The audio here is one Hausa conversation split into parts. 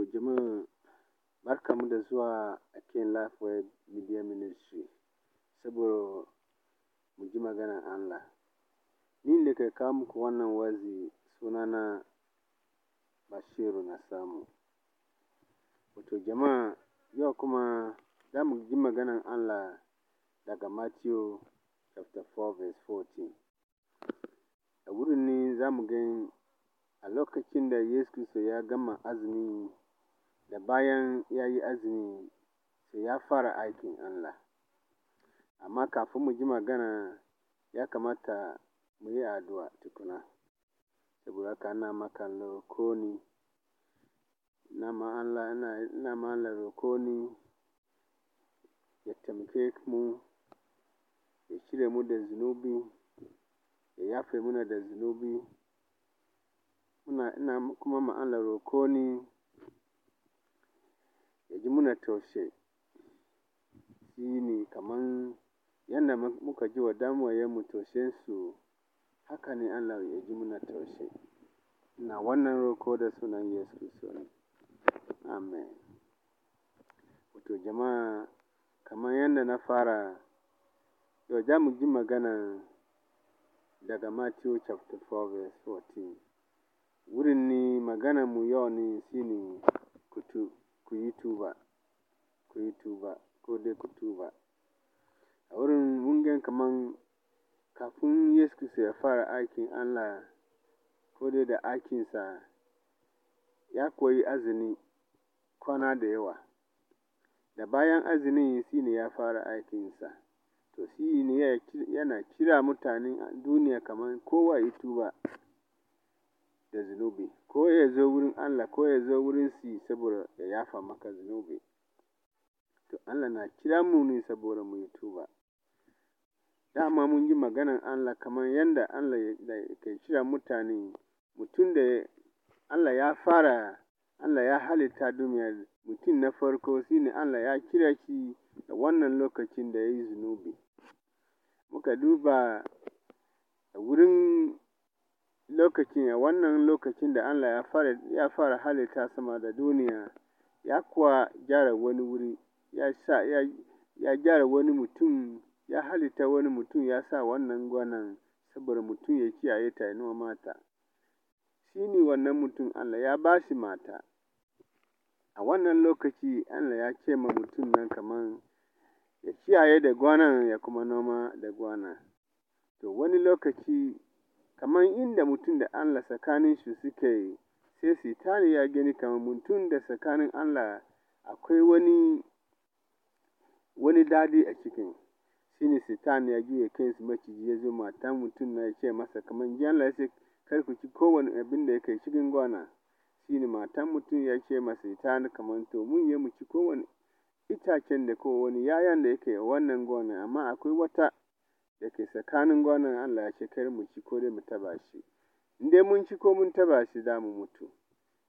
To jama'a barkanmu da zuwa a cikin Life Well Media Ministry saboda mu ji maganar Allah. Ni da ke kawo muku wannan wazi sunana Bashiru na samu. Wato jama'a yau kuma za mu ji maganan Allah daga Matthew chapter 4 verse 14. A wurin ne za mu gani a lokacin da Yesu ya gama azumi da bayan ya yi azumi sai ya fara aikin Allah. Amma kafin mu ji magana ya kamata mu yi addu'a tukuna. Saboda ka na maka roko ne, ma ina ya taimake mu, ya cire mu da zunubi, ya yafe muna da zunubi. ina kuma ma Allah ya ji muna taushe shi ne kamar yadda muka ji wa damuwayenmu su haka ne Allah ya ji muna taushe na wannan roko da sunan Yesu Kiristo amen wato jama'a kaman yadda na fara yau za mu ji magana daga Matthew chapter 4 verse 14 wurin ne mu yau ne shine kutu ku yi tuba, ku yi tuba ko dai ku tuba. A wurin mun kaman kafin Yesu Kiristi ya fara aikin Allah ko dai da aikinsa, ya koyi azini kwana da yawa. Da bayan azumin shi ne ya fara aikinsa. To shi ne yana kira mutanen duniya kaman kowa ya yi tuba. da zunubi, ko ya zo wurin Allah ko ya zo wurin wurinsu saboda ya yafa maka zunubi. To Allah na kira mu ne saboda mu yi tuba. Dama mun ji maganan Allah kamar yadda Allah ke kira mutane, mutum da Allah ya fara, Allah ya halitta duniya, mutum na farko shi ne Allah ya kira shi a wannan lokacin da ya yi zunubi. Muka duba wurin lokacin wannan lokacin da Allah ya fara ya fara halitta sama da duniya ya kuwa gyara wani wuri ya sa ya ya wani mutum ya halitta wani mutum ya sa wannan gwanan saboda mutum ya kiyaye ta ya nuna ta shi ne wannan mutum Allah ya ba shi mata a wannan lokaci Allah ya ce ma mutum nan kaman ya kiyaye da gwanan ya kuma noma da gwanan to wani lokaci kamar inda mutum da Allah su suke, sai sitani ya gani kamar mutum da tsakanin Allah akwai wani, wani daɗi a cikin. Shi ne Sitani ya kai su maciji ya zo mata mutum na ya ce masa kamar jiya Allah ya ku ci kowane abin da yake cikin gona. Shi ne matan mutum ya ce masa Sitani kamar to mun yi mu ci kowane itacen da ko yayan da yake wannan gwana amma akwai wata da ke tsakanin gonar Allah ya ce kar mu ci ko dai mu taba shi, in dai mun ci ko mun taba shi za mu mutu.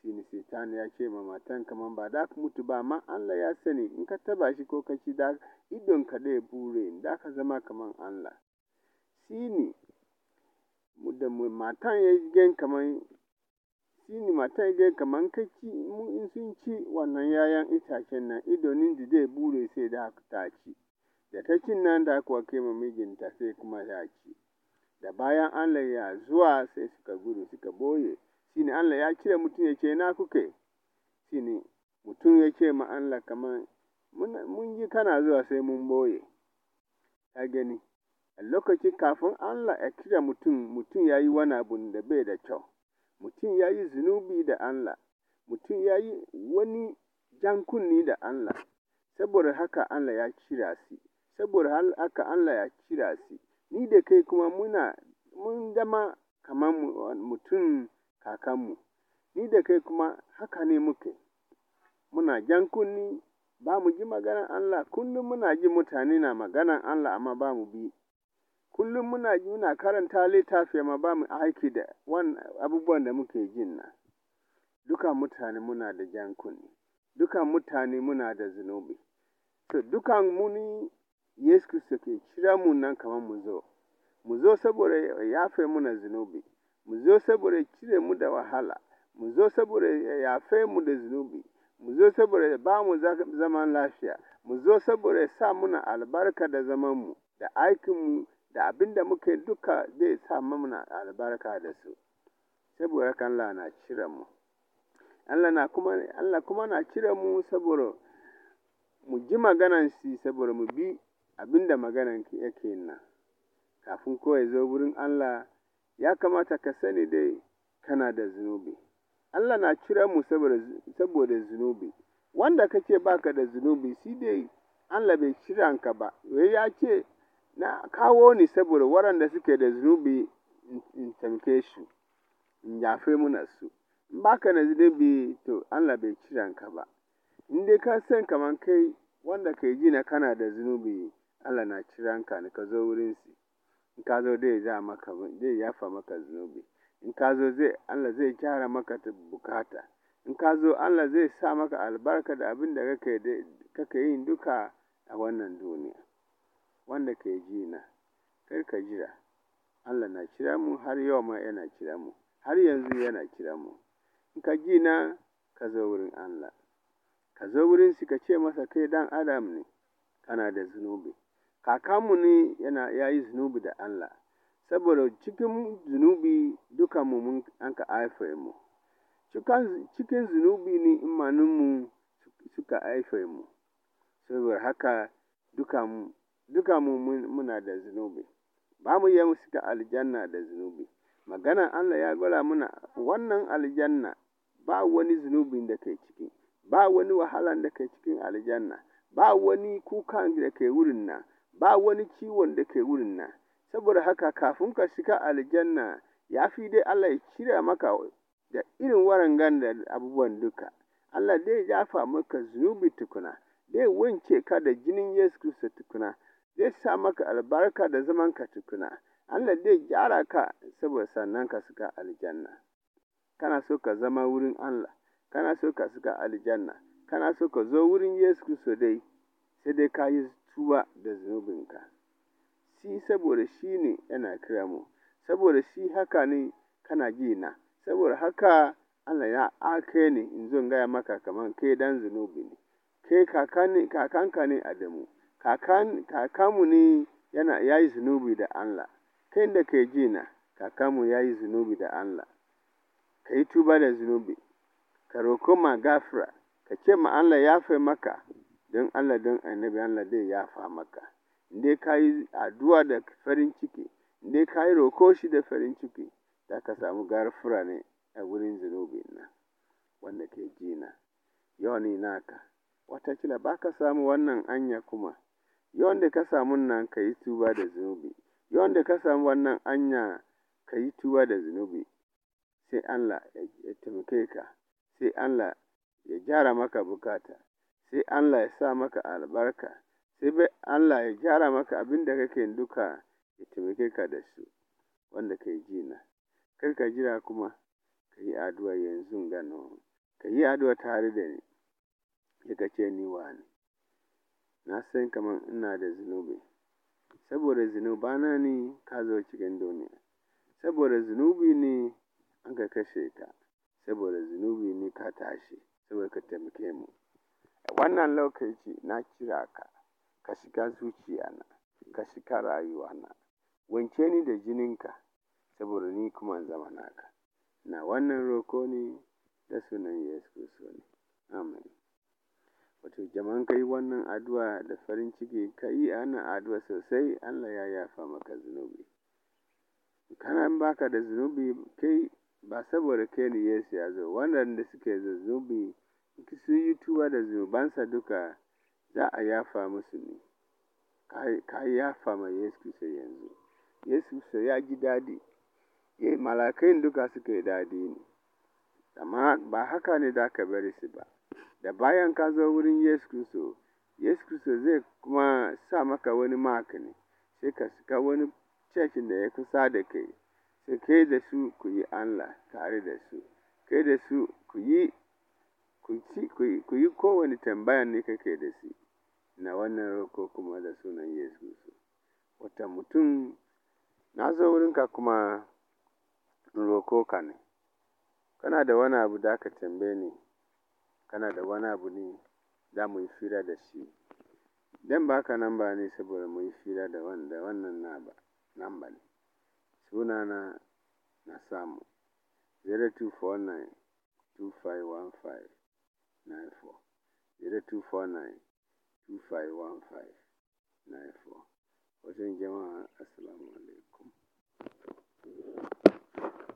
Shi ne Satan ya ce ma matan kamar ba da ka mutu ba amma Allah ya sani in ka taba shi ko ka ci da idonka ɗaya bure da ka zama kamar Allah. Shi ne da matan ya gan kamar shi ne matan ya gan kamar ka ci in sun ci wannan yayan itacen nan idonin da zai bure sai da ta ci. Da ta cinna kuwa kai ma mijinta sai kuma ya ci. Da bayan Allah ya zuwa sai suka gudu suka boye. Shi ne Allah ya cire mutum ya ce na kuke. Shi ne mutum ya ce ma Allah kamar mun yi kana zuwa sai mun boye. Ta gani. A lokaci kafin Allah ya cire mutum mutum ya yi wani abu da bai da kyau. Mutum ya yi zunubi da Allah. Mutum ya yi wani jan da da Allah. Saboda haka Allah ya cire shi. saboda haka Allah ya kira su, ni da kai kuma muna, mun zama kamar mutum kakanmu, ni da kai kuma haka ne muke, muna jan kunni ba mu ji maganar Allah, kullum muna ji mutane na maganar Allah amma ba mu bi. Kullum muna ji muna karanta littafi amma ba mu aiki da abubuwan da muke jin na Duka mutane muna da jan kunni, duka mutane muna da zunubi. To, dukan muni Yesu Kristo ke cire mu nan kamar mu zo. Mu zo saboda ya yafe muna zunubi. Mu zo saboda ya cire mu da wahala. Mu zo saboda ya yafe mu da zunubi. Mu zo saboda ya ba mu zaman lafiya. Mu zo saboda ya sa muna albarka da zaman mu da aikin mu da abin da muke duka zai sa muna albarka da su. Saboda kan Allah na cire mu. Allah na kuma Allah kuma na cire mu saboda mu ji shi saboda mu bi abin da maganan yake nan, kafin kawai zo wurin Allah, ya kamata ka sani dai kana da zunubi. Allah na cire mu saboda zunubi, wanda kake baka da zunubi, shi dai Allah bai cire ka ba, ya ce, na kawo ni saboda waɗanda suke da zunubi in tamke su, in yafe muna su. In baka da zunubi, to Allah bai cire ka ba. In dai ka san kamar kai wanda kai ji na kana da zunubi Allah na kiran ka ka zo shi in ka zo zai za maka zai yafa maka zunubi in ka zo zai Allah zai gyara maka bukata in ka zo Allah zai sa maka albarka da abin da kake yin duka a wannan duniya wanda ke ji na kar ka jira Allah na kira mu har yau ma yana kira mu har yanzu yana kira mu in ka ji na ka zo wurin Allah ka zo wurin shi ka ce masa kai dan adam ne kana da zunubi kakanmu ne yana ya yi zunubi da Allah, saboda cikin zunubi dukanmu mun ka haife mu. Cikin zunubi ne imaninmu suka haife mu, saboda haka dukanmu muna da zunubi. Ba mu musu shiga aljanna da zunubi. Maganar Allah ya gwara muna wannan aljanna ba wani zunubin da ke ciki, ba wani wahala da ke cikin aljanna, ba wani kuka da ke wurin nan. ba wani ciwon da ke wurin nan, saboda haka kafin ka shiga aljanna ya fi dai Allah ya cire maka da irin warangan da abubuwan duka. Allah dai ya yafa maka zunubi tukuna, dai wanke ka da jinin Yesu Kiristi tukuna, zai sa maka albarka da zaman ka tukuna. Allah dai gyara ka saboda sannan ka shiga aljanna. Kana so ka zama wurin Allah, kana so ka shiga aljanna, kana so ka zo wurin Yesu Kiristi dai, sai dai ka yi tuba da zunubinka, shi saboda shi ne yana kira mu, saboda shi haka ne kana jina saboda haka Allah ya ake ni in zo gaya maka kamar kai dan zunubi ne, kai kakanka ne a damu, kakanmu ne yana ya yi zunubi da Allah, kai da kai jina kakamu kakanmu ya yi zunubi da Allah, ka yi tuba da zunubi, ka roko ma gafira, ka ce ma Allah ya fi maka. don Allah don annabi Allah zai yafa maka. Indai ka yi addu'a da farin ciki, indai ka yi roko shi da farin ciki, za ka samu fura ne a wurin zunubin nan wanda ke jina. Yawan naka, watakila ba ka samu wannan anya kuma, yawan da ka samu nan ka yi tuba da zunubi, yawan da ka samu wannan anya ka yi tuba da zunubi, sai Allah ya taimake ka, sai Allah ya gyara maka bukata. sai Allah ya sa maka albarka, sai Allah ya gyara maka abin da kake duka ya taimake ka da su, wanda ka yi jina Kar ka jira kuma ka yi addu'a yanzu gano, ka yi addu'a tare da ni, ya ka ce ni wani. Na san kamar ina da zunubi, saboda na ni ka zo cikin duniya, saboda zunubi ne an ka kashe ka, saboda zunubi ne ka tashi, saboda ka taimake mu. wannan lokaci na kira ka, ka shiga zuciyana, ka shiga rayuwana. Wanke ni da jininka, saboda ni kuma zama naka. na wannan roko ne da sunan Yesu Kiristi. Amen. Wato jama'an ka yi wannan addu'a da farin ciki, ka yi wannan addu'a sosai Allah ya yafa maka zunubi. Kana baka da zunubi kai ba saboda kai ne Yesu ya zo, waɗanda suke da zunubi in sun yi da zubansa duka, za a yafa musu ne. Ka yafa ma Yesu Kiristi yanzu. Yesu Kiristi ya ji daɗi. Eh, malakai duka suka yi daɗi ne. Amma ba haka ne da ka bari su ba. Da bayan ka zo wurin Yesu kristo Yesu kristo zai kuma sa maka wani maka ne. Sai ka shiga wani cecin da ya kusa da kai. Sai kai da su ku yi Allah tare da su. Kai da su ku yi ku yi kowane tambaya ne kake da shi, ina wannan roƙo kuma da sunan Yesu. Wata mutum, na zo wurinka kuma roko ka ne, kana da wani abu da aka tambaye ni, kana da wani abu ne za mu yi fira da shi. Zan ba ka namba ne saboda mu yi fira da wannan ba ne. Sunana samu 0249 2515. nine four zero two four nine two five one five nine four. Wajen jama'a assalamu alaikum.